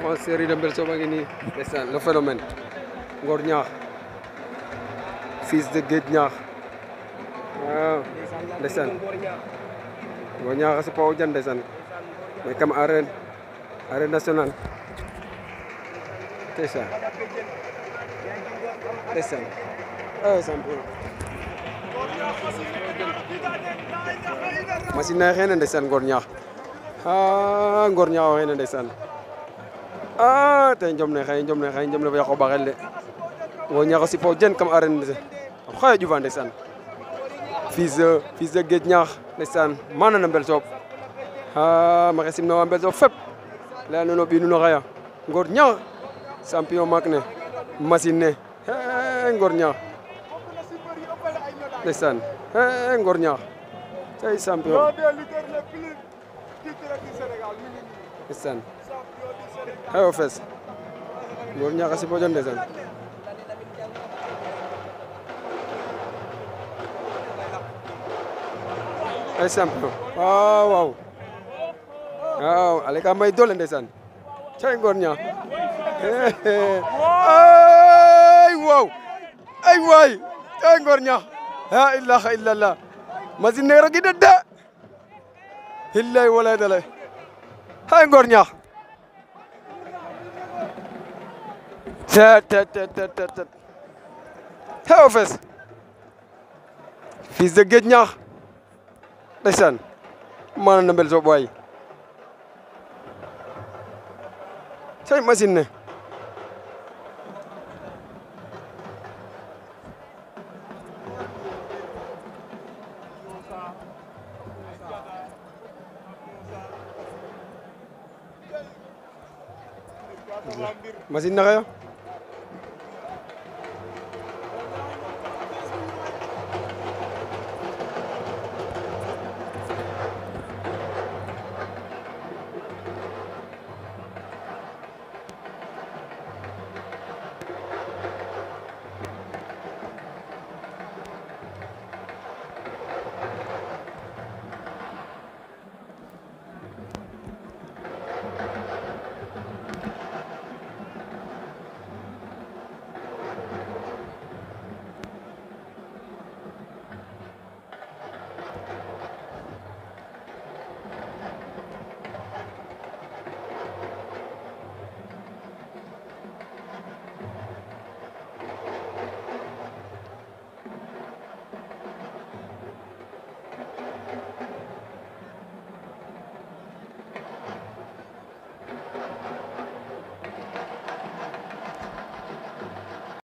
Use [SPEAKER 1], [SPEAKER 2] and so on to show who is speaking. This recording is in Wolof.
[SPEAKER 1] masih ada Mbel Sow a ngi nii ndeysaan le phénomène Ngor fils de ndeysaan Ngor jan ndeysaan mais arène arène ndeysaan ndeysaan a te jomne xaye jomne xaye jomne fa yaqo baxel de wo ñaxo sipo jen kam arène de fils de fils de mana na mbel soop a ah, maxe simna wa mbel soop fep leya nuno ɓi nuno xaya ngor ñaax champion maak ne machine ne استنى ايوا فاس góor ñaaxa si bojjon ndeysaan ay samp waaw waaw waaw ale ka may doole ndeysaan cay góor ñaax ay waaw ay waay cay góor ñaax la ilaha illallah masin ne ragi de de illay walay dalay hay ngor ñaax tet tet tet tet tet tet xew fees fils de géej ñaax ndeysaan maana na mbel soob waay say machine ne Masin na kayo.